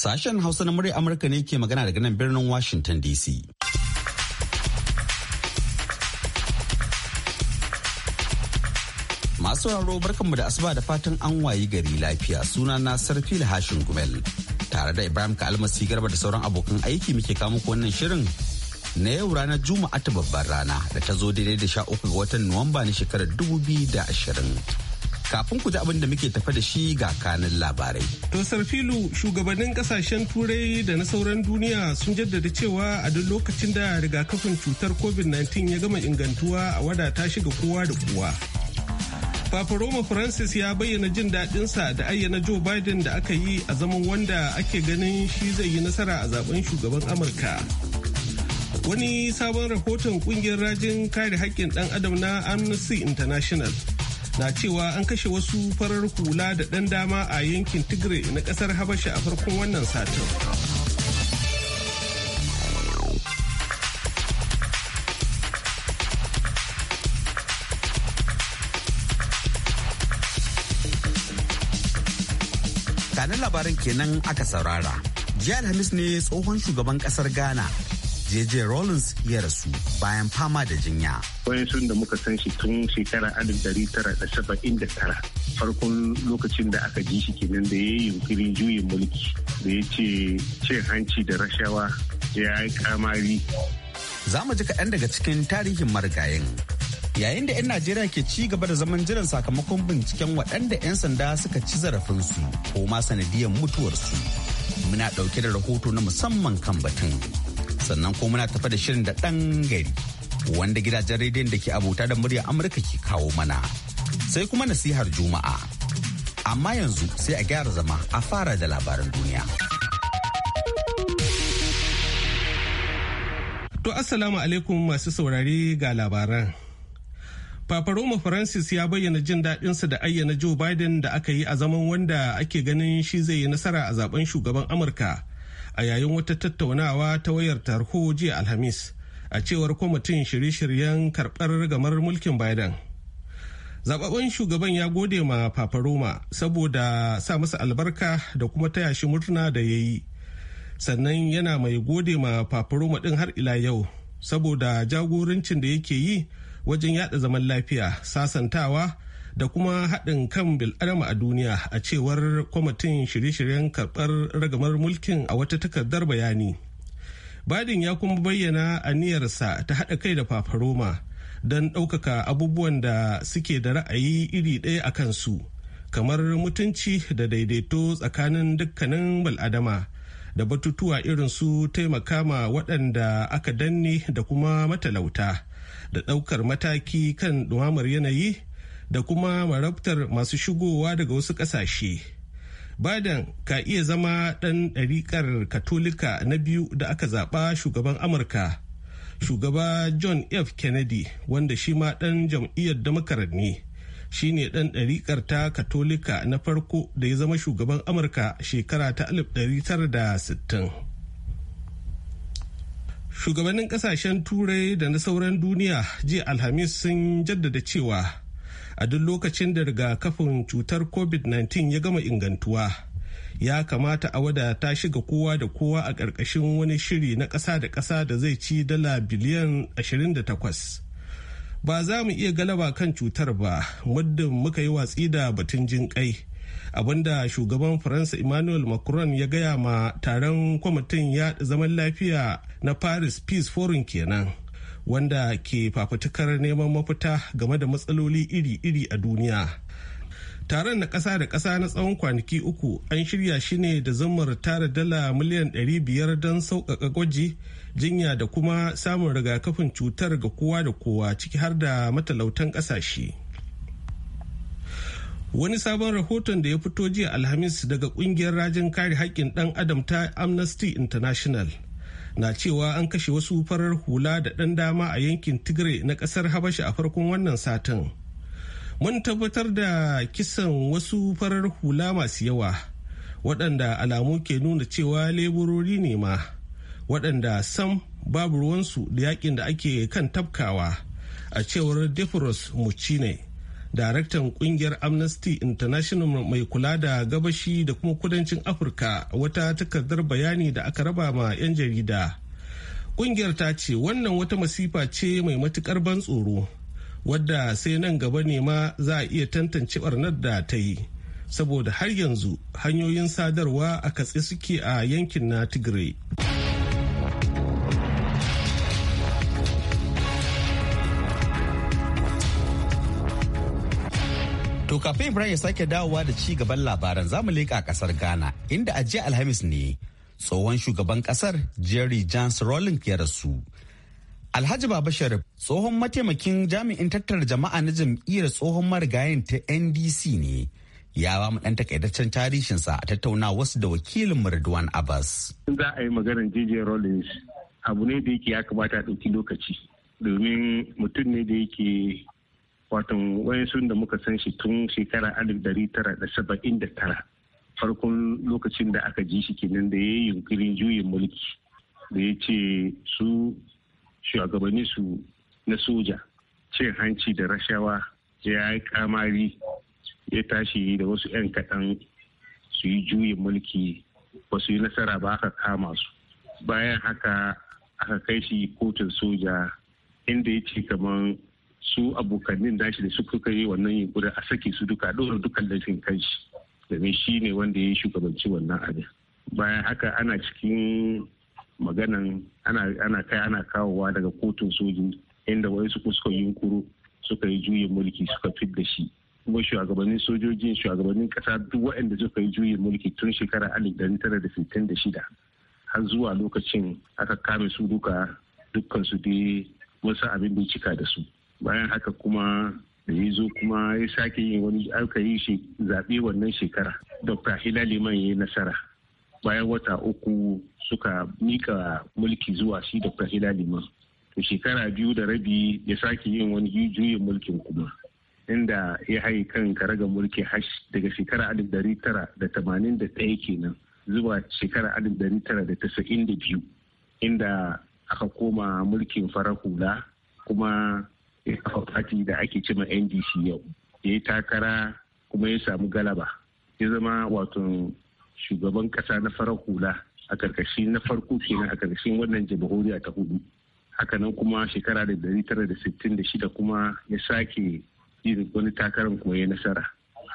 Sashen Hausa na murya Amurka ne ke magana daga nan birnin Washington DC. Masu sauraro barkanmu da asuba da fatan an wayi gari lafiya suna na da Hashin Gumel. Tare da Ibrahim Kalmasi Garba da sauran abokan aiki muke kamo wannan shirin na yau ranar Juma'a ta babbar rana da ta zo daidai da sha uku ga watan Nuwamba na shekarar dubu biyu da ashirin. Kafin ku ji abin da muke tafa da shi ga kanin labarai. To Sarfilu shugabannin kasashen turai da na sauran duniya sun jaddada cewa a duk lokacin da rigakafin cutar COVID-19 ya gama ingantuwa a wadata shi ga kowa da kowa. Papa Roma Francis ya bayyana jin daɗinsa da ayyana Joe Biden da aka yi a zaman wanda ake ganin shi zai yi nasara a zaben shugaban Amurka. Wani sabon rahoton kungiyar rajin kare haƙƙin ɗan adam na Amnesty International na cewa an kashe wasu farar kula da ɗan dama a yankin tigray na ƙasar habasha a farkon wannan satin kanin labarin kenan aka saurara jiya alhamis ne tsohon shugaban kasar ghana JJ Rollins ya rasu bayan fama da jinya. sun da muka san shi tun shekara alif dari tara da saba'in da tara farkon lokacin da aka ji shi kenan da ya yi yunkurin juyin mulki da ya ce cin hanci da rashawa ya yi kamari. Za mu ji kaɗan daga cikin tarihin marigayin. Yayin da 'yan Najeriya ke ci gaba da zaman jiran sakamakon binciken waɗanda 'yan sanda suka ci zarafinsu ko ma sanadiyar mutuwarsu. Muna ɗauke da rahoto na musamman kan batun. sannan ko muna tafa da shirin da ɗan gari wanda gidajen rediyon da ke abota da murya amurka ke kawo mana sai kuma nasihar juma'a amma yanzu sai a gyara zama a fara da labaran duniya to assalamu alaikum masu saurare ga labaran Papa Roma Francis ya bayyana jin daɗinsa da ayyana Joe Biden da aka yi a zaman wanda ake ganin shi zai yi nasara a zaben shugaban Amurka a yayin wata tattaunawa ta wayar tarho jiya alhamis a cewar kwamitin shirye-shiryen karɓar gamar mulkin biden zababben shugaban ya gode ma paparoma saboda sa masa albarka da kuma ta yashi murna da ya yi sannan yana mai gode ma paparoma ɗin har ila yau saboda jagorancin da yake yi wajen yada zaman lafiya sasantawa da kuma haɗin kan bil'adama a duniya a cewar kwamitin shirye-shiryen karɓar ragamar mulkin a wata takardar bayani. Biden ya kuma bayyana aniyarsa ta haɗa kai da fafaroma don ɗaukaka abubuwan da suke da ra'ayi iri ɗaya a kansu kamar mutunci da daidaito tsakanin dukkanin bil'adama da batutuwa irin su taimaka ma waɗanda aka danne da kuma matalauta da ɗaukar mataki kan ɗumamar yanayi da kuma marabtar masu shigowa daga wasu ƙasashe. Biden ka iya zama ɗan ɗariƙar Katolika na biyu da aka zaɓa shugaban Amurka. Shugaba John F. Kennedy wanda shi ma ɗan jam'iyyar Democrat ne. Shi ne ɗan ɗariƙar ta Katolika na farko da ya zama shugaban Amurka shekara ta 1960. shugabannin kasashen turai da na sauran duniya jiya alhamis sun jaddada cewa a duk lokacin da rigakafin cutar covid-19 ya gama ingantuwa ya kamata a wadata shi ga kowa da kowa a ƙarƙashin wani shiri na ƙasa da ƙasa da zai ci dala biliyan 28 ba za mu iya galaba kan cutar ba muddin muka yi watsi da batun jinƙai abinda shugaban faransa emmanuel macron ya gaya ma taron kwamitin ya zaman lafiya na paris peace forum kenan wanda ke fafutukar neman mafita game da matsaloli iri-iri a duniya. Taron na ƙasa da ƙasa na tsawon kwanaki uku an shirya shi ne da zumar tara dala miliyan 500 don sauƙaƙa gwaji, jinya da kuma samun rigakafin cutar ga kowa da kowa ciki har da matalautan ƙasashe. Wani sabon rahoton da ya fito jiya Alhamis daga ƙungiyar rajin kare haƙƙin ɗan adam ta Amnesty International na cewa an kashe wasu farar hula da ɗan dama a yankin tigray na ƙasar habasha a farkon wannan satin mun tabbatar da kisan wasu farar hula masu yawa waɗanda alamu ke nuna cewa leburori ne ma waɗanda sam babu ruwansu da yakin da ake kan tafkawa a cewar defros mucine daraktan kungiyar amnesty international mai kula da gabashi da kuma kudancin afirka wata takardar bayani da aka raba ma 'yan jarida kungiyar ta ce wannan wata masifa ce mai matukar ban tsoro wadda sai nan gaba ne ma za a iya tantance barnar da ta yi saboda har yanzu hanyoyin sadarwa a katse suke a yankin na tigray To kafin Ibrahim ya sake dawowa da ci gaban labaran zamu leƙa kasar Ghana inda a jiya Alhamis ne tsohon shugaban kasar Jerry jans rawlings ya rasu. Alhaji Baba Sharif tsohon mataimakin jami'in tattara jama'a na jam'iyyar tsohon marigayen ta NDC ne. ya ba mu dan takaitaccen tarihinsa a tattauna wasu da wakilin Ridwan Abbas. Za a yi maganar JJ Rollins abu ne da yake ya kamata a lokaci domin mutum ne da yake watan wayansu da muka san shi tun shekara alif dari tara da saba'in da tara farkon lokacin da aka ji shi kenan da ya yi yunkurin juyin mulki da ya ce su shugabanni su na soja cin hanci da rashawa ya yi kamari ya tashi da wasu 'yan kaɗan su yi juyin mulki ba su yi nasara ba aka kama su bayan haka aka kai shi kotun soja inda ya ce kamar su abokanin dashi da suka yi wannan yunkurin a sake su duka ɗora dukkan laifin kanshi domin shi ne wanda ya yi shugabanci wannan abin bayan haka ana cikin maganan ana kai ana kawowa daga kotun soji inda wasu suka yunkuru suka yi juyin mulki suka fit da shi kuma shugabannin sojojin shugabannin kasa duk waɗanda suka yi juyin mulki tun shekara shida, har zuwa lokacin aka kame su duka dukkan su dai wasu abin da cika da su bayan haka kuma da ya zo kuma ya sake yin wani aka yi shi zaɓe wannan shekara dr hilali man ya nasara bayan wata uku suka mika mulki zuwa shi dr hilali man to shekara biyu da rabi ya sake yin wani juyin mulkin kuma inda ya haye kan karaga mulki hash daga shekara alif dari tara da tamanin da ɗaya kenan zuwa shekara alif dari tara da tasa'in da biyu inda aka koma mulkin farar hula kuma fati da ake cima ndc yau ya yi takara kuma ya samu galaba ya zama wato shugaban kasa na farar hula a karkashin na farko kenan a karkashin wannan jamhuriya ta hudu hakanan kuma shekara da dari shida kuma ya sake yin wani takarar kuma ya nasara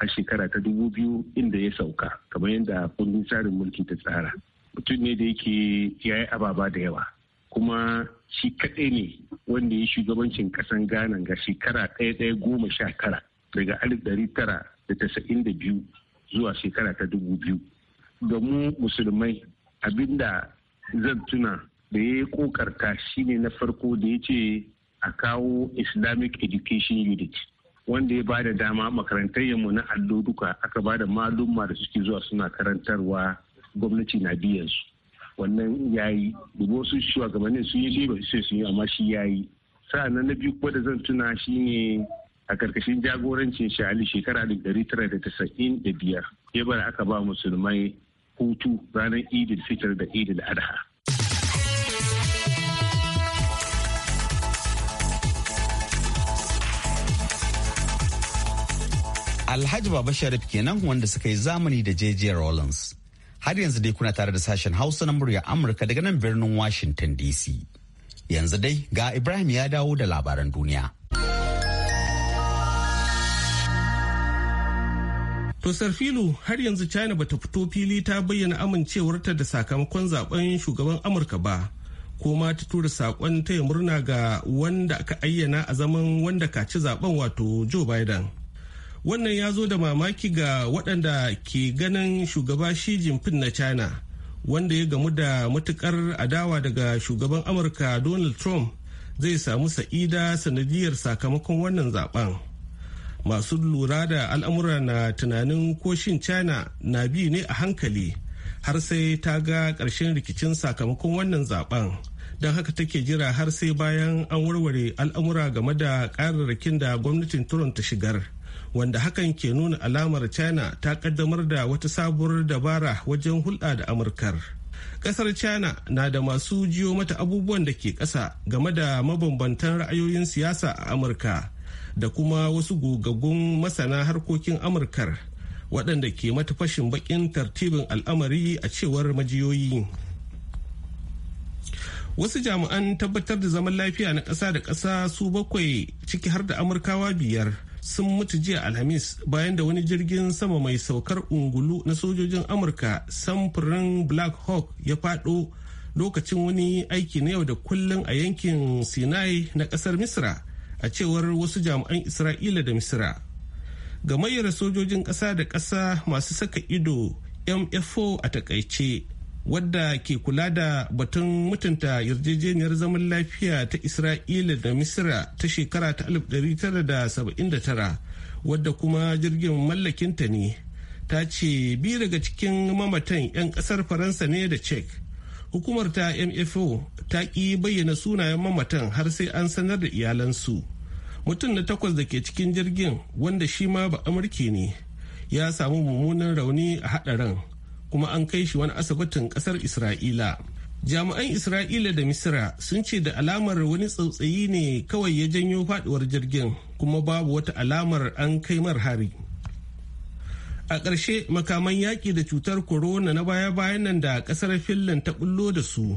a shekara ta dubu biyu inda ya sauka kamar yadda kundin tsarin mulki ta tsara mutum ne da yake ya yi ababa da yawa kuma shi kaɗai ne wanda ya shugabancin ƙasan ghana ga shekara ɗaya ɗaya goma sha tara daga alif ɗari tara da tasa'in da biyu zuwa shekara ta dubu biyu ga mu musulmai abinda zan tuna da ya yi kokarta shine na farko da ya ce a kawo islamic education unit wanda ya ba da dama mu na allo duka aka ba da malumma da suke zuwa suna karantarwa gwamnati na biyansu wannan yayi dubu su shugabannin sun yi ba sai sun yi amma shi yayi sa'an na biyu kuma da zan tuna shi ne a karkashin jagorancin shali shekara da da biyar ya aka ba musulmai hutu ranar idil fitar da idil adha Alhaji Baba Sharif kenan wanda suka yi zamani da JJ Rollins. Har yanzu dai kuna tare da sashen Hausa na murya Amurka daga nan birnin Washington DC. Yanzu dai ga Ibrahim ya dawo da labaran duniya. To filu har yanzu China ta fito fili ta bayyana amincewarta da sakamakon zaben shugaban Amurka ba. Ko ma ta tura saƙon taya murna ga wanda aka ayyana a zaman wanda ka ci zaben wato Joe Biden. wannan ya zo da mamaki ga waɗanda ke ganin shugaba shi jinfin na china wanda ya gamu da matukar adawa daga shugaban amurka donald trump zai samu sa'ida sanadiyar sakamakon wannan zaben masu lura da al'amura na tunanin koshin china na bi ne a hankali har sai ta ga ƙarshen rikicin sakamakon wannan zaben don haka take jira har sai bayan an warware al'amura game da ƙararrakin da gwamnatin turon ta shigar wanda hakan ke nuna alamar china ta kaddamar da wata sabuwar dabara wajen hulɗa da amurkar ƙasar china na da masu jiyo mata abubuwan da ke ƙasa game da mabambantan ra'ayoyin siyasa a amurka da kuma wasu gogaggun masana harkokin amurkar waɗanda ke mata fashin bakin tartibin al'amari a cewar majiyoyi wasu jami'an tabbatar da zaman lafiya na ƙasa da ƙasa su bakwai ciki har da amurkawa biyar sun mutu jiya alhamis bayan da wani jirgin sama mai saukar ungulu na sojojin amurka samfurin black hawk ya fado lokacin wani aiki na yau da kullun a yankin sinai na kasar misra a cewar wasu jami'an isra'ila da misra gamayyar sojojin ƙasa da ƙasa masu saka ido mfo a takaice wadda ke kula da batun mutunta yarjejeniyar zaman lafiya ta isra'ila da misra ta shekara ta 1979 wadda kuma jirgin mallakinta ne ta ce biyu daga cikin mamatan 'yan kasar faransa ne da cek hukumar ta mfo ta ƙi bayyana sunayen mamatan har sai an sanar da iyalansu mutum na takwas da ke cikin jirgin wanda shi ma ba amurki ne ya samu mummunan rauni a haɗarin kuma an kai shi wani asibitin kasar isra'ila jami'an isra'ila da misira sun ce da alamar wani tsautsayi ne kawai ya janyo faduwar jirgin kuma babu wata alamar an kai mar hari a ƙarshe makaman yaƙi da cutar korona na baya-bayan nan da ƙasar finland ta bullo da su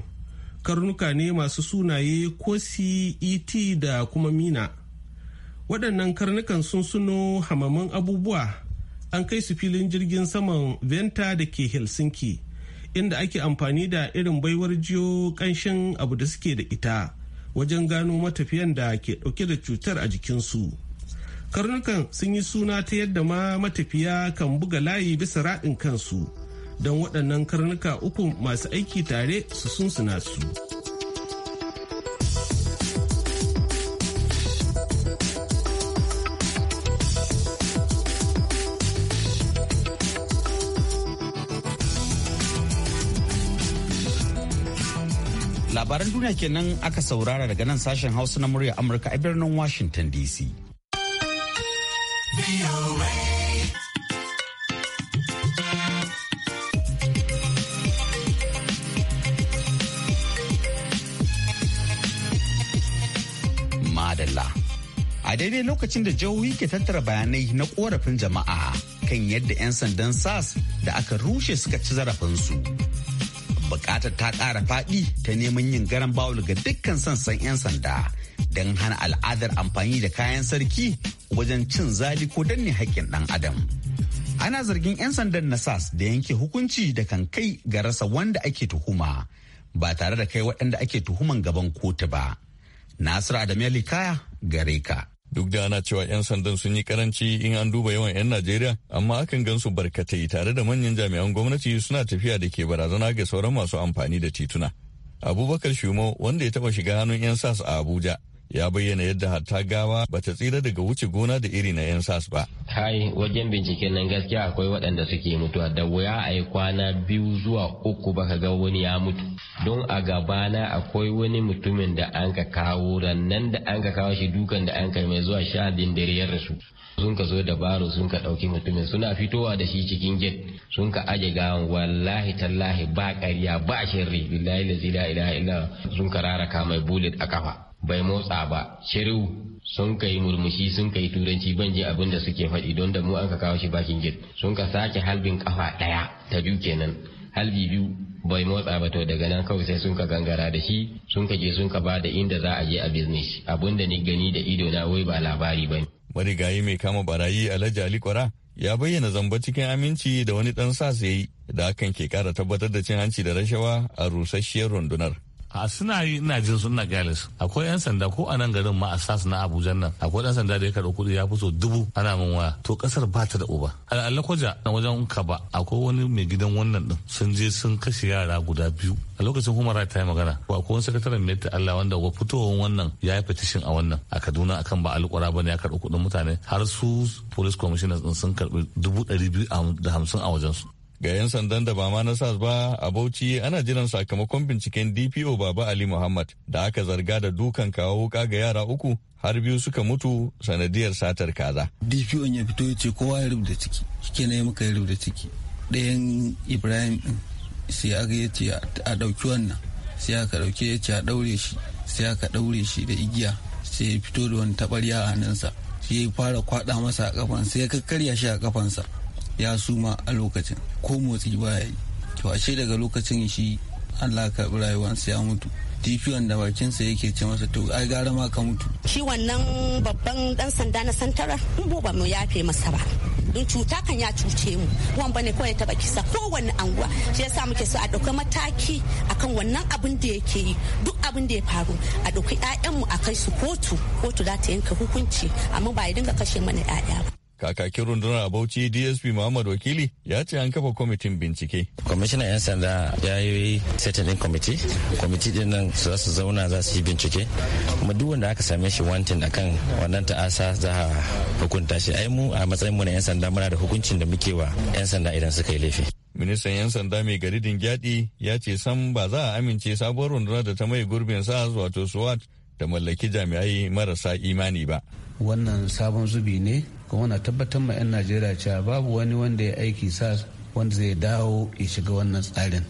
karnuka ne masu sunaye ko cet da kuma mina waɗannan karnukan sun suno hamamin abubuwa an kai su filin jirgin saman venta da ke helsinki inda ake amfani da irin baiwar jiyo kanshin abu da suke da ita wajen gano matafiyan da ke dauke da cutar a jikinsu karnukan sun yi suna ta yadda ma matafiya kan buga layi bisa raɗin kansu don waɗannan karnuka uku masu aiki tare su sun suna su. Labaran duniya kenan aka saurara daga nan sashen Hausa na murya Amurka a birnin Washington DC. Madalla. A daidai lokacin da jihohi ke tattara bayanai na korafin jama'a kan yadda 'yan sandan SAS da aka rushe suka ci zarafinsu. bukatar ta ƙara faɗi ta neman yin garan bawul ga dukkan sansan 'yan sanda don hana al'adar amfani da kayan sarki wajen cin zali ko danne haƙƙin ɗan adam ana zargin 'yan sandan na sas da yanke hukunci da kan kai ga rasa wanda ake tuhuma ba tare da kai waɗanda ake tuhuman gaban kotu ba nasiru adam ya likaya gare ka Duk da ana cewa 'yan sandan sun yi karanci in an duba yawan 'yan Najeriya, amma akan gansu barkatai tare da manyan jami'an gwamnati suna tafiya da ke barazana ga sauran masu amfani da tituna. Abubakar Shumo wanda ya taba shiga hannun 'yan sas a Abuja ya bayyana yadda hatta gawa ba ta tsira daga wuce gona da iri na 'yan sas ba. Kai wajen binciken nan gaskiya akwai waɗanda suke mutuwa da wuya a yi kwana biyu zuwa uku baka ga wani ya mutu. Don a gabana akwai wani mutumin da an ka kawo rannan da an ka kawo shi dukan da an kai mai zuwa sha dindiri dare ya rasu. sun ka zo da sun ka ɗauki mutumin suna fitowa da shi cikin get sun ka aje gawan wallahi tallahi ba ƙarya ba shirri lillahi la ilaha illa sun ka raraka mai bullet a kafa bai motsa ba shiru sun kai murmushi sun kai turanci ban ji abin da suke faɗi don da mu an ka kawo shi bakin gate sun ka sake halbin kafa ɗaya ta biyu kenan halbi biyu bai motsa ba to daga nan kawai sai sun ka gangara da shi sun ka je sun ka ba da inda za a je a business abin da ni gani da ido na wai ba labari ba ne. marigayi mai kama barayi alhaji ali kwara ya bayyana zamba cikin aminci da wani dan sa da hakan ke kara tabbatar da cin hanci da rashawa a rusasshiyar rundunar. a suna yi ina jin suna galis akwai yan sanda ko a nan garin ma a sas na abuja nan akwai dan sanda da ya karɓi kuɗi ya fi so dubu ana min waya to kasar ba ta da uba al'alla kwaja na wajen kaba akwai wani mai gidan wannan din sun je sun kashe yara guda biyu a lokacin kuma ta yi magana ko akwai wani sakataren mai Allah wanda wa fitowar wannan ya yi fetishin a wannan a Kaduna akan ba alƙura ba ne ya karɓi kuɗin mutane har su police commissioners din sun karɓi dubu ɗari biyu da hamsin a wajensu. Ga 'yan sandan da ba ma na SAS ba a Bauchi ana jiran sakamakon binciken DPO Baba Ali Muhammad da aka zarga da dukan kawo wuka ga yara uku har biyu suka mutu sanadiyar satar kaza. DPO ya fito ya ce kowa ya rubuta ciki, na ne muka ya rubuta ciki. Ɗayan Ibrahim sai aka ya ce a ɗauki wannan sai aka ɗauke ya ce a ɗaure shi sai aka ɗaure shi da igiya sai ya fito da wani taɓarya a hannunsa sai ya fara kwaɗa masa a kafan sai ya kakkarya shi a kafansa ya suma a lokacin ko motsi baya yi to ashe daga lokacin shi allah ka rayuwarsa ya mutu tifiyon wanda bakinsa yake ce masa to ai gara ma ka mutu shi wannan babban dan sanda na santara in ba mu yafe masa ba don cuta kan ya cuce mu wan bane kawai taba kisa kowanne anguwa shi yasa muke so a dauka mataki akan wannan abin da yake yi duk abin da ya faru a dauki ƴaƴan mu a kai su kotu kotu za ta yanka hukunci amma ba ya dinga kashe mana ƴaƴa ba kakakin rundunar a bauchi dsp muhammad wakili ya ce an kafa kwamitin bincike kwamishinan 'yan sanda ya yi setanin kwamiti kwamiti din nan za su zauna za su yi bincike kuma duk wanda aka same shi wantin akan wannan ta'asa za a hukunta shi ai mu a matsayin mu na 'yan sanda muna da hukuncin da muke wa 'yan sanda idan suka yi laifi ministan 'yan sanda mai garidin gyadi ya ce san ba za a amince sabuwar rundunar da ta mai gurbin sa wato swat da mallaki jami'ai marasa imani ba wannan sabon zubi ne kuma na tabbatar ma 'yan najeriya cewa babu wani wanda ya aiki sa wanda zai dawo ya shiga wannan tsarin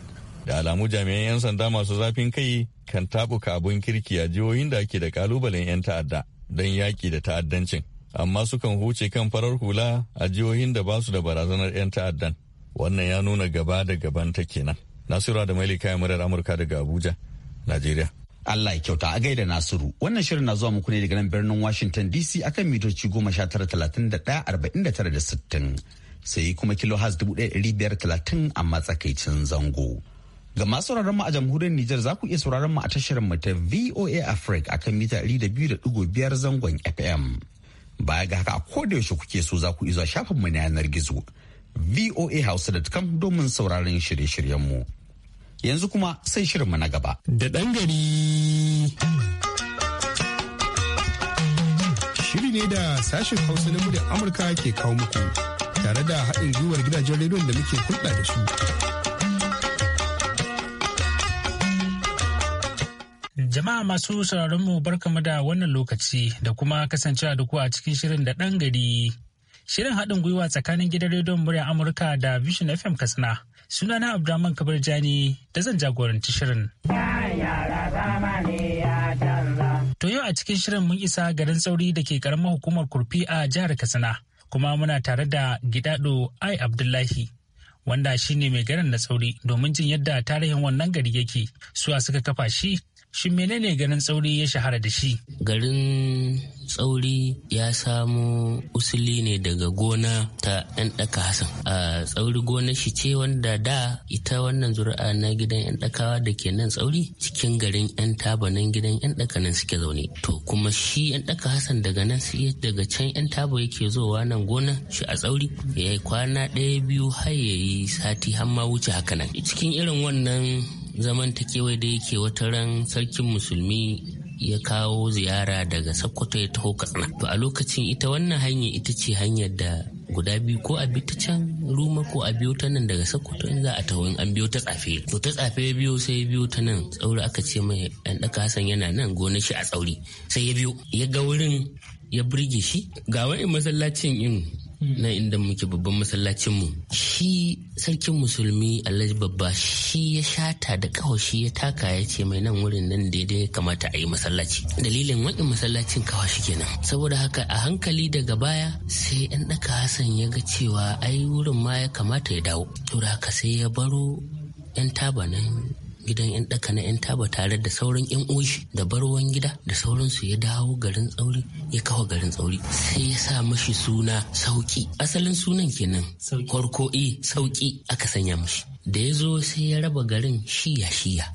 da alamu jami'an 'yan sanda masu zafin kai kan tabuka abun kirki a jihohin da ake da kalubalen 'yan ta'adda don yaƙi da ta'addancin amma sukan huce kan farar hula a jihohin da ba su da barazanar 'yan ta'addan wannan ya nuna gaba da gaban ta kenan nasura da mailika murar amurka daga abuja najeriya Allah ya kyauta a gaida Nasiru. Wannan shirin na zuwa muku ne daga nan birnin Washington DC akan mitoci goma sha tara talatin Sai kuma kilo has dubu a matsakaicin zango. Ga masu mu a jamhuriyar Nijar za ku iya sauraron mu a tashar mu ta VOA Africa akan mita 200.5 zangon FM. Baya ga haka a koda yaushe kuke so za ku iya zuwa shafinmu na yanar gizo. voahausa.com domin sauraron shirye-shiryenmu. mu. yanzu kuma sai shirinmu na gaba. Da ɗan gari. Shiri ne da sashen Hausa na muryar Amurka ke kawo muku tare da haɗin gwiwar gidajen rediyon da muke hulɗa da su. Jama'a masu sauraron mu barkamu da wannan lokaci da kuma kasancewa da ku a cikin shirin da ɗan gari. Shirin haɗin gwiwa tsakanin gidan rediyon muryar Amurka da Vision FM Katsina. sunana abdulrahman kabar jani da zan jagoranci shirin to yau a cikin shirin mun isa garin sauri da ke karamar hukumar kurfi a jihar katsina kuma muna tare da gidado ai abdullahi wanda shine mai garin da tsauri domin jin yadda tarihin wannan gari yake suwa suka kafa shi Shin menene garin tsauri ya shahara da shi? Garin tsauri ya samo usuli ne daga gona ta yan daka Hassan. A tsauri gona shi ce wanda da ita wannan zuri'a na gidan 'yan dakawa da ke nan tsauri cikin garin 'yan taba gidan 'yan daka nan suke zaune. To kuma shi 'yan daka Hassan daga nan sai daga can 'yan taba yake zowa nan gona shi a tsauri ya yi kwana ɗaya biyu har ya yi sati har ma wuce haka nan. Cikin irin wannan kewaye da yake wata ran sarkin musulmi ya kawo ziyara daga sokoto ya taho katsina to a lokacin ita wannan hanya ita ce hanyar da guda biyu ko a bi ta can ruma ko a biyo ta nan daga sokoto in za a taho in an biyo ta tsafe to ta tsafe ya biyo sai ya biyo ta nan tsauri aka ce mai ɗan ɗaka hasan yana nan gona shi a tsauri sai ya biyo ya ga wurin ya burge shi ga wani masallacin in nan inda muke babban masallacin mu shi sarkin musulmi alhaji babba shi ya shata da kawashi ya taka ya ce mai nan wurin nan daidai kamata a yi masallaci dalilin wakin masallacin kawashi kenan saboda haka a hankali daga baya sai yan daka hassan ya ga cewa ai wurin ma ya kamata ya dawo to haka sai ya baro yan taba nan gidan yan daka na yan taba tare da sauran yan oshi da barwan gida da sauransu ya dawo garin tsauri ya kawo garin tsauri sai ya sa mashi suna sauki asalin sunan kenan farko e sauki aka sanya mashi da ya zo sai ya raba garin shiya shiya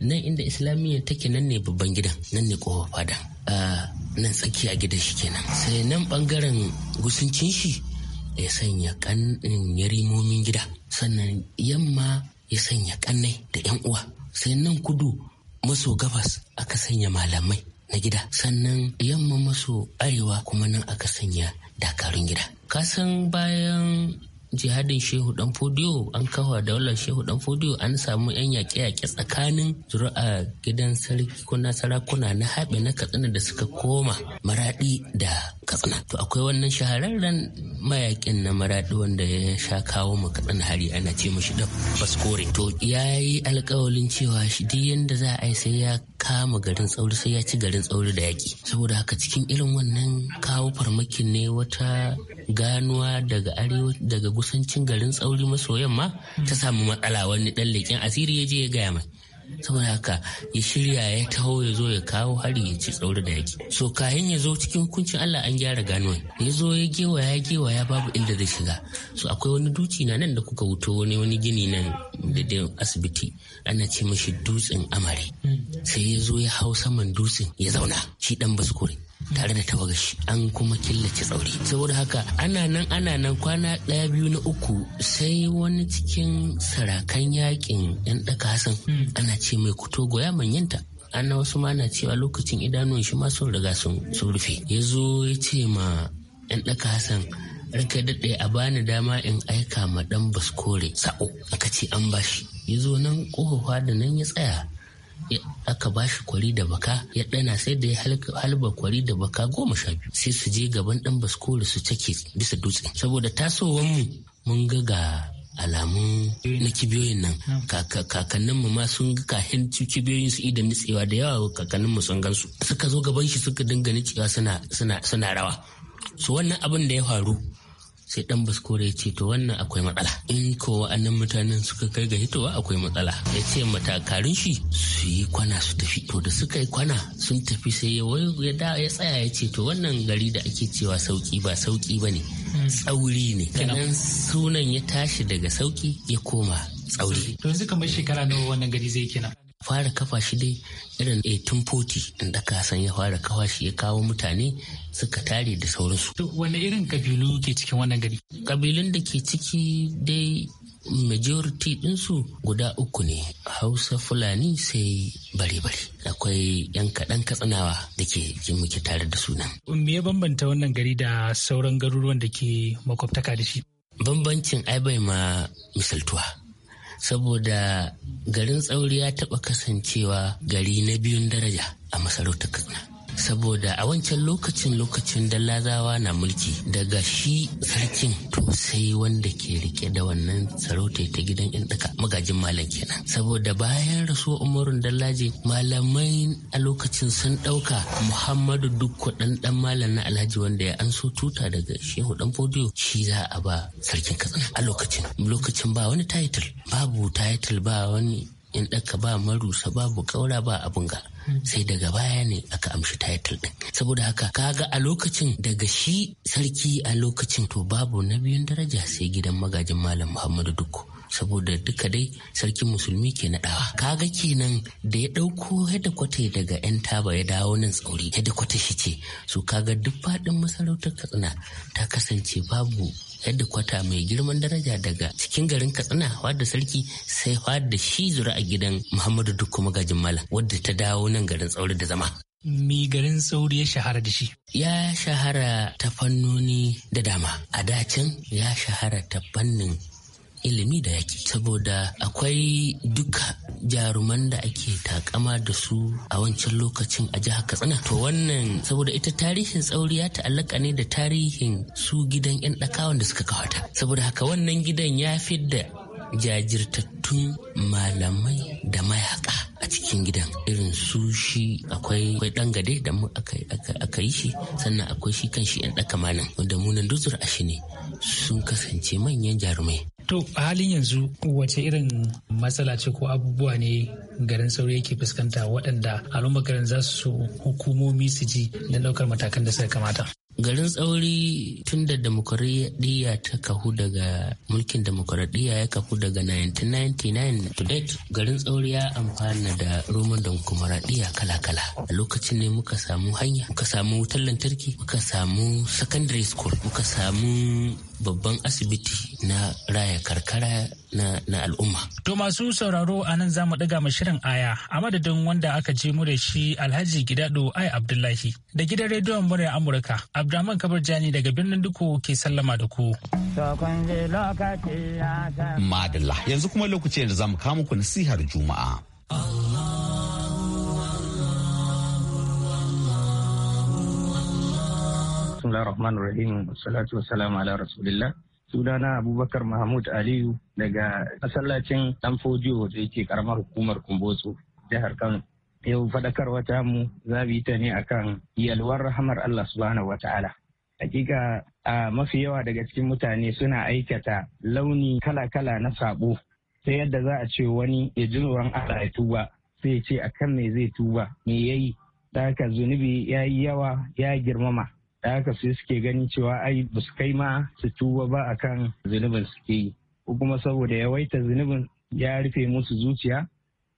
nan inda islamiyya take nan ne babban gidan nan ne kofa fada nan tsakiya gidan shi kenan sai nan bangaren gusuncin shi ya sanya kan yarimomin gida sannan yamma ya sanya kannai da 'yan uwa sai nan kudu maso gabas aka sanya malamai na gida sannan yamma maso arewa kuma nan aka sanya dakarun gida kasan bayan jihadin shehu dan fodiyo an kawo daular shehu dan fodiyo an samu yan yaƙe-yaƙe tsakanin zuri'a gidan sarki na sarakuna na haɓe na katsina da suka koma maraɗi da katsina to akwai wannan shahararren mayaƙin na maraɗi wanda ya sha kawo mu katsina hari ana ce mashi da baskore to ya yi alƙawalin cewa shi duk yanda za a yi sai ya kama garin tsauri sai ya ci garin tsauri da yaƙi saboda haka cikin irin wannan kawo farmakin ne wata ganuwa daga arewa daga Kusancin garin tsauri maso yamma ta samu matsala wani dan leƙen asiri ya je ya gaya mai saboda haka ya shirya ya taho ya zo ya kawo hari ya ci tsauri da yaki so kayan ya zo cikin hukuncin Allah an gyara ganuwan ya zo ya gewa ya gewa ya babu inda zai shiga so akwai wani duci na nan da kuka wuto wani wani gini nan da dai asibiti ana ce mashi dutsen amare hmm. sai ya zo ya hau saman dutsen ya zauna shi dan baskure tare da tawagashi an kuma killace tsauri saboda haka ana nan ana nan kwana ɗaya biyu na uku sai wani cikin sarakan yakin yan ɗaka hasan hmm. ana ce mai kuto goya manyanta ana wasu ma na cewa lokacin idanun shi ma sun riga sun rufe ya zo ya ce ma yan ɗaka hasan ka daɗe a bani dama in aika ma ɗan baskore sa'o aka ce an bashi ya zo nan ƙofa da nan ya tsaya aka ba shi kwari da baka ya dana sai da ya halba kwari da baka goma sha biyu sai su je gaban ɗan baskore su cake bisa dutse saboda tasowar mu mun ga ga alamun na kibiyoyin nan hmm. kakannin mu ma sun ga kahin kibiyoyin su idan nitsewa da yawa kakannin mu sun gansu suka zo gaban shi suka dinga nitsewa suna suna rawa su wannan abin da ya faru sai dan baskore ya ce to wannan akwai matsala in ko wa'annan mutanen suka kai ga hitowa akwai matsala ya ce matakarin shi su yi kwana su tafi to da suka yi kwana sun tafi sai ya ya tsaya ya ce to wannan gari da ake cewa sauki ba sauki ba ne hmm. tsauri ne kenan sunan ya tashi daga sauki ya koma tsauri to yanzu kamar shekara nawa wannan gari zai kina? fara kafa shi dai irin 1840 eh, inda kasan ya fara kafa shi ya kawo mutane suka tare da sauransu. Wane irin kabilu ke cikin wannan gari? Kabilun da ke ciki dai majority ɗinsu guda uku ne hausa fulani sai bare-bare akwai yan kaɗan katsinawa da ke muke tare da sunan. me ya bambanta wannan gari da sauran garuruwan da ke makwabtaka da shi bambancin ai bai ma misaltuwa saboda garin tsauri ya taɓa kasancewa gari na biyun daraja a masarautar kaduna saboda a wancan lokacin lokacin da lazawa na mulki daga shi sarkin to sai wanda ke rike da wannan sarauta ta gidan yan daka magajin malam kenan saboda bayan rasuwar umarun dallaji malamai a lokacin sun dauka muhammadu duk dan dan malam na alhaji wanda ya an so tuta daga shehu dan fodiyo shi za a ba sarkin katsina a lokacin lokacin ba wani title babu title ba wani in daka ba marusa babu kaura ba abin ga sai daga baya ne aka amshi title din saboda haka kaga a lokacin daga shi sarki a lokacin to babu na biyun daraja sai gidan magajin malam muhammadu dukku saboda duka dai sarkin musulmi ke naɗawa kaga kenan da ya ɗauko kwata daga yan taba ya dawo nan tsauri kwata shi ce su kaga duk faɗin masarautar katsina ta kasance babu yadda kwata mai girman daraja daga cikin garin katsina wadda sarki sai wadda shi zura a gidan muhammadu duk kuma gajin mala wadda ta dawo nan garin tsauri da zama mi garin sauri ya shahara da shi ya shahara ta fannoni da dama a dacin ya shahara ta fannin ilimi da yaki saboda akwai duka jaruman da ake takama da su a wancan lokacin a jihar katsina to wannan saboda ita tarihin tsauri ya ta'allaka ne da tarihin su gidan 'yan ɗakawan da suka kawata saboda haka wannan gidan ya fidda jajirtattun malamai da mayaka a cikin gidan irin su shi akwai dan gade da mu aka yi shi sannan akwai shi kan shi yan ɗaka malam wanda munan duzur a ne sun kasance manyan jarumai To a halin yanzu wace irin matsala ce ko abubuwa ne garin sauri yake fuskanta waɗanda al'ummar garin za su hukumomi su ji don ɗaukar matakan da suka kamata. garin tsauri tun da demokuraɗiyya ta kahu daga mulkin demokuraɗiyya ya kahu daga 1999 to date garin tsauri ya amfana da roman demokuraɗiyya kala-kala a lokacin ne muka samu hanya muka samu wutar lantarki muka samu secondary school muka samu babban asibiti na raya karkara na, na al'umma. To masu sauraro a nan za mu ɗiga mu shirin aya a madadin wanda aka je mu da shi Alhaji Gidado Ai Abdullahi da gidan rediyon muryar Amurka Abdulrahman Kabir Jani daga birnin Duku ke sallama da ku. Madalla yanzu kuma lokacin da za mu ku muku nasihar Juma'a. Bismillah Rahman Rahim, salatu wassalamu ala Rasulillah. Sunana Abubakar Mahmud Aliyu daga masallacin Fojo da yake karamar hukumar Kumbotso, jihar Kano. Yau faɗakar wata mu za mu ta ne akan yalwar rahamar Allah subhanahu wata'ala. Hakika a mafi yawa daga cikin mutane suna aikata launi kala-kala na sabo ta yadda za a ce wani ya ji tsoron Allah ya tuba sai ya ce akan me zai tuba me yayi da haka zunubi ya yi yawa ya girmama da haka sai suke ganin cewa ai ba su kai ma su tuba ba akan zunubin suke yi ko kuma saboda yawaitar zunubin ya rufe musu zuciya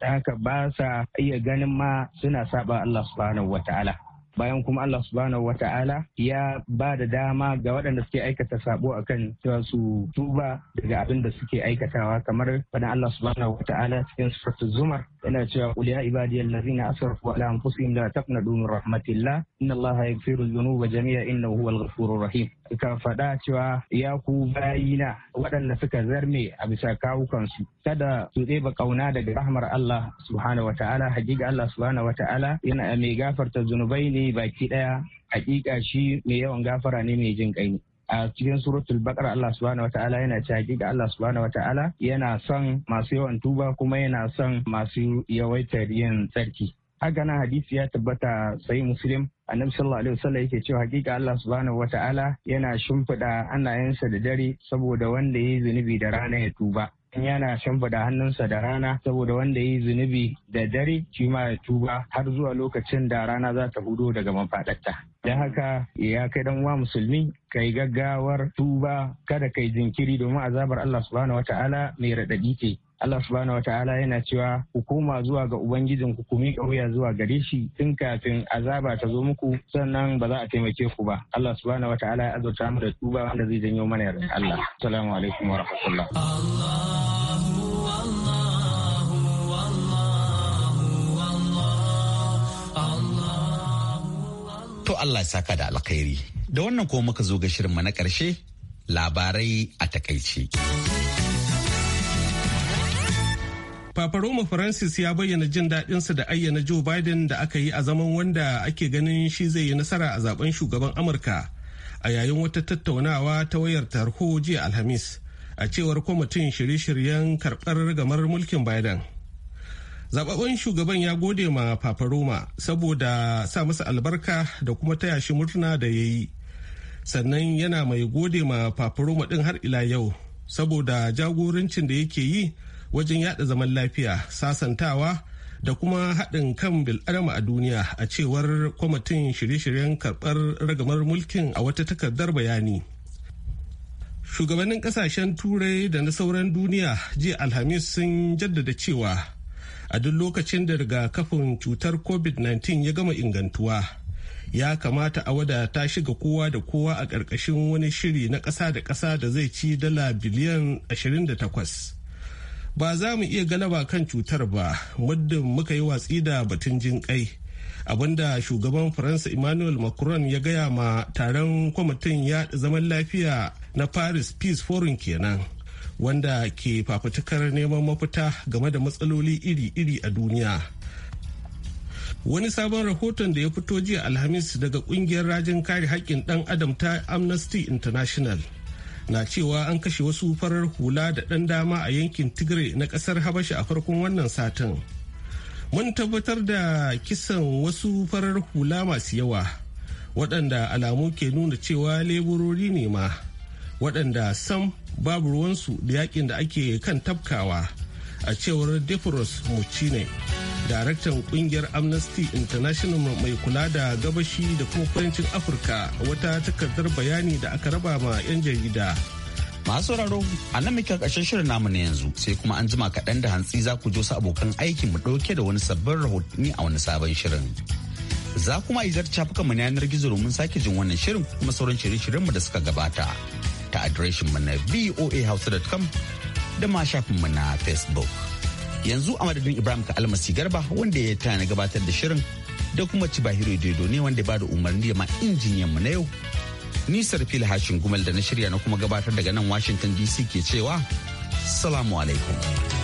da haka ba sa iya ganin ma suna saba Allah subhanahu wataala bayan kuma Allah subhanahu wataala ya ba da dama ga waɗanda suke aikata sabo akan cewa su tuba daga abin da suke aikatawa kamar faɗin Allah subhanahu wataala cikin suratul zumar yana cewa qul ya ibadiyal ladzina asrafu ala anfusihim la taqnatu min rahmatillah inna allaha yaghfiru dhunuba jami'a innahu huwal ghafurur rahim ka faɗa cewa ya ku bayina waɗanda suka zarme a bisa kawukansu kada su ɗeba ƙauna daga rahmar Allah subhanahu wa hakika Allah subhanahu wa yana mai gafarta zunubai ne baki ɗaya hakika shi mai yawan gafara ne mai jin ƙai a cikin suratul baqara Allah subhanahu wataala yana ce hakika Allah subhanahu wataala yana son masu yawan tuba kuma yana son masu yawaitar yin tsarki haka nan hadisi ya tabbata sai muslim annabi sallallahu alaihi wasallam yake cewa hakika Allah subhanahu wataala yana shimfiɗa annayansa da dare saboda wanda ya yi zunubi da rana ya tuba yana shimfida hannunsa da rana saboda wanda yi zunubi da dare shi ma ya tuba har zuwa lokacin da rana za ta hudo daga mafaɗarta. Da haka ya kai dan wa musulmi kai gaggawar tuba kada ka yi jinkiri domin azabar Allah subhanahu wa ta'ala mai raɗaɗi ce Allah subhanahu wa ta'ala yana cewa ku koma zuwa ga ubangijin ku ku miƙa zuwa gare shi tun kafin azaba ta zo muku sannan ba za a taimake ku ba Allah subhanahu wa ta'ala ya azurta mu da tuba wanda zai janyo mana yarda Allah assalamu alaikum wa rahmatullah To Allah ya saka da alkhairi da wannan kuma muka zo ga shirinmu na karshe, labarai a takaice. Papa Roma Francis ya bayyana jin daɗinsa da ayyana Joe Biden da aka yi a zaman wanda ake ganin shi zai yi nasara a zaben shugaban Amurka a yayin wata tattaunawa ta wayar tarho jiya Alhamis a cewar kwamitin shirye-shiryen karɓar gamar mulkin Biden. zababben shugaban ya gode ma Papa saboda sa masa albarka da kuma ta yashi murna da ya yi. Sannan yana mai gode ma Papa Roma ɗin har ila yau saboda jagorancin da yake yi wajen yada zaman lafiya sasantawa da kuma haɗin kan bil'adama a duniya a cewar kwamitin shirye-shiryen karɓar ragamar mulkin a wata takardar bayani shugabannin ƙasashen turai da na sauran duniya jiya alhamis sun jaddada cewa a duk lokacin da rigakafin cutar covid-19 ya gama ingantuwa ya kamata a wada ta shiga kowa da kowa a ƙarƙashin wani shiri na ƙasa da ƙasa da zai ci dala biliyan 28 ba za mu iya galaba kan cutar ba muddin muka yi watsi da batun jin kai abinda shugaban faransa emmanuel macron ya gaya ma taron kwamitin yaɗa zaman lafiya na paris peace forum kenan wanda ke fafutukar neman mafita game da matsaloli iri-iri a duniya wani sabon rahoton da ya fito jiya alhamis daga kungiyar rajin kare haƙƙin ɗan adam ta amnesty international na cewa an kashe wasu farar hula da ɗan dama a yankin tigray na ƙasar habasha a farkon wannan satin mun tabbatar da kisan wasu farar hula masu yawa waɗanda alamu ke nuna cewa leburori ne ma waɗanda sam babu ruwansu da yakin da ake kan tafkawa a cewar Depros Mucine, daraktan kungiyar Amnesty International mai kula da gabashi da kuma kudancin Afirka wata takardar bayani da aka raba ma 'yan jarida. Masu sauraro a nan muke ƙarshen shirin namu na yanzu sai kuma an jima kaɗan da hantsi za ku su abokan aikin mu ɗauke da wani sabbin rahotanni a wani sabon shirin. Za kuma zarta cafukan mu na yanar gizo domin sake jin wannan shirin kuma sauran shirye-shiryen mu da suka gabata ta adireshin mu na voahausa.com da ma mu na Facebook. Yanzu a madadin Ibrahim ka almasi garba wanda ya tana gabatar da shirin da kuma ci Cibahiro Dodo ne wanda ba da umarni ma injiniyan mu na yau. Nisar fil hashin gumal da na shirya na kuma gabatar daga nan Washington DC ke cewa Salamu alaikum.